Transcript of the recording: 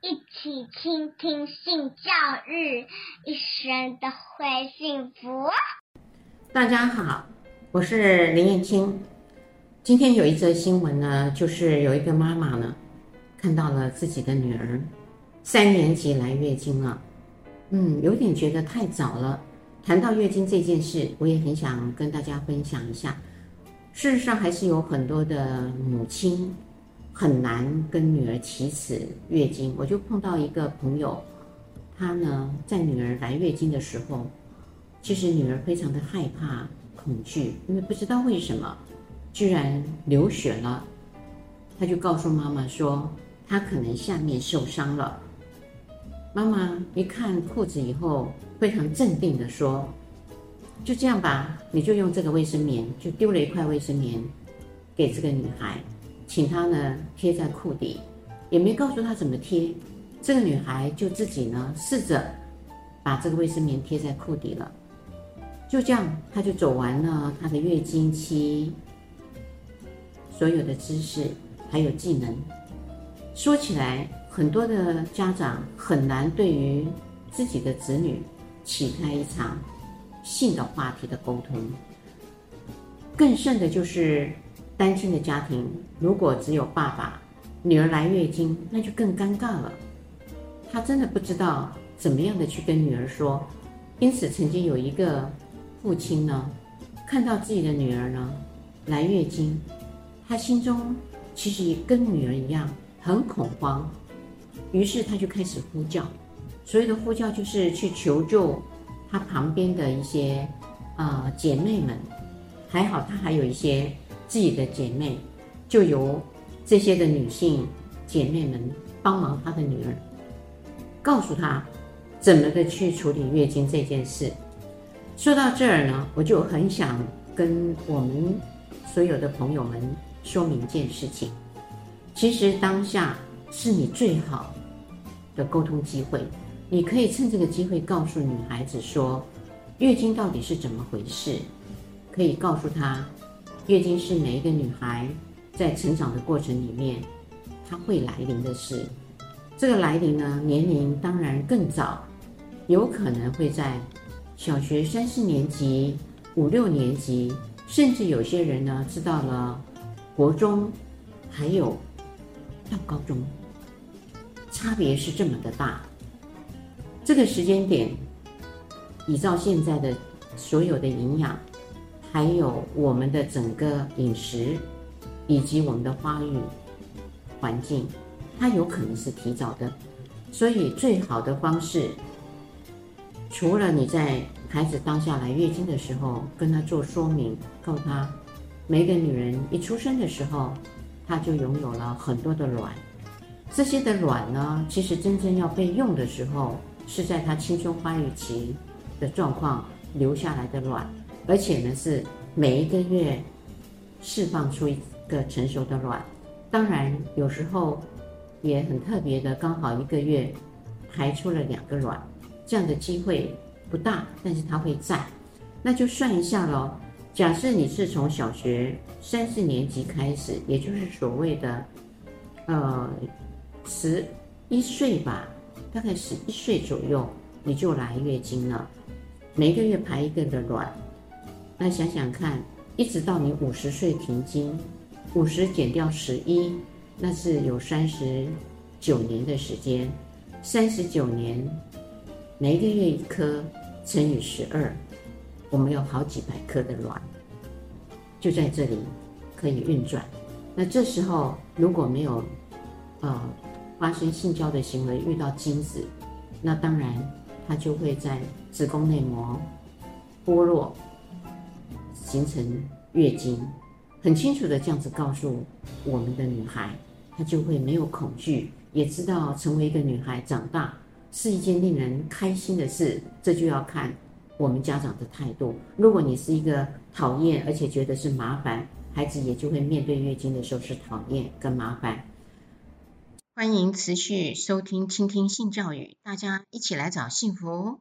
一起傾聽性教育，一生都會幸福。大家好，我是林燕青。今天有一則新聞呢，就是有一個媽媽呢，看到了自己的女兒三年級來月經了，嗯，有點覺得太早了。談到月經這件事，我也很想跟大家分享一下。事實上，還是有很多的母親。很難跟女兒啟齒月經。我就碰到一個朋友，她呢在女兒來月經的時候，其實女兒非常的害怕、恐懼，因為不知道為什麼，居然流血了。她就告訴媽媽說，她可能下面受傷了。媽媽一看褲子以後，非常鎮定地說：“就這樣吧，你就用這個衛生棉，就丟了一塊衛生棉給這個女孩。”請她呢貼在褲底，也沒告訴她怎麼貼，這個女孩就自己呢試着把這個衛生棉貼在褲底了，就這樣她就走完了她的月經期。所有的知識還有技能，說起來很多的家長很難對於自己的子女起開一場性的話題的溝通，更甚的就是。單親的家庭，如果只有爸爸，女兒來月經，那就更尷尬了。他真的不知道怎麼樣的去跟女兒說。因此，曾經有一個父親呢，看到自己的女兒呢，來月經，他心中其實也跟女兒一樣很恐慌，於是他就開始呼叫。所謂的呼叫，就是去求救他旁邊的一些啊、呃、姐妹們。還好，他還有一些。自己的姐妹，就由這些的女性姐妹們幫忙她的女兒，告訴她怎麼的去處理月經這件事。說到這兒呢，我就很想跟我們所有的朋友們說明一件事情：其實當下是你最好的溝通機會，你可以趁這個機會告訴女孩子說，月經到底是怎麼回事，可以告訴她。月經是每一個女孩在成長的過程裡面，她會來臨的事。這個來臨呢，年齡當然更早，有可能會在小學三四年級、五六年級，甚至有些人呢，直到了國中，還有到高中，差別是這麼的大。這個時間點，依照現在的所有的營養。還有我們的整個飲食，以及我們的發育環境，它有可能是提早的，所以最好的方式，除了你在孩子當下來月經的時候，跟他做說明，告訴他，每個女人一出生的時候，她就擁有了很多的卵，這些的卵呢，其實真正要被用的時候，是在她青春發育期的狀況留下來的卵。而且呢，是每一個月釋放出一個成熟的卵。當然，有時候也很特別的，剛好一個月排出了兩個卵，這樣的機會不大，但是它會在。那就算一下咯，假設你是從小學三四年級開始，也就是所謂的呃十一歲吧，大概十一歲左右你就來月經了，每個月排一個的卵。那想想看，一直到你五十歲停經，五十減掉十一，那是有三十九年的時間。三十九年，每一個月一顆，乘以十二，我們有好幾百顆的卵，就在這裡可以運轉。那這時候如果沒有，呃，發生性交的行為，遇到精子，那當然它就會在子宮內膜剝落。形成月經，很清楚的這樣子告訴我們的女孩，她就會沒有恐懼，也知道成為一個女孩長大是一件令人開心的事。這就要看我們家長的態度。如果你是一個討厭而且覺得是麻煩，孩子也就會面對月經的時候是討厭跟麻煩。歡迎持續收聽《傾聽性教育》，大家一起來找幸福。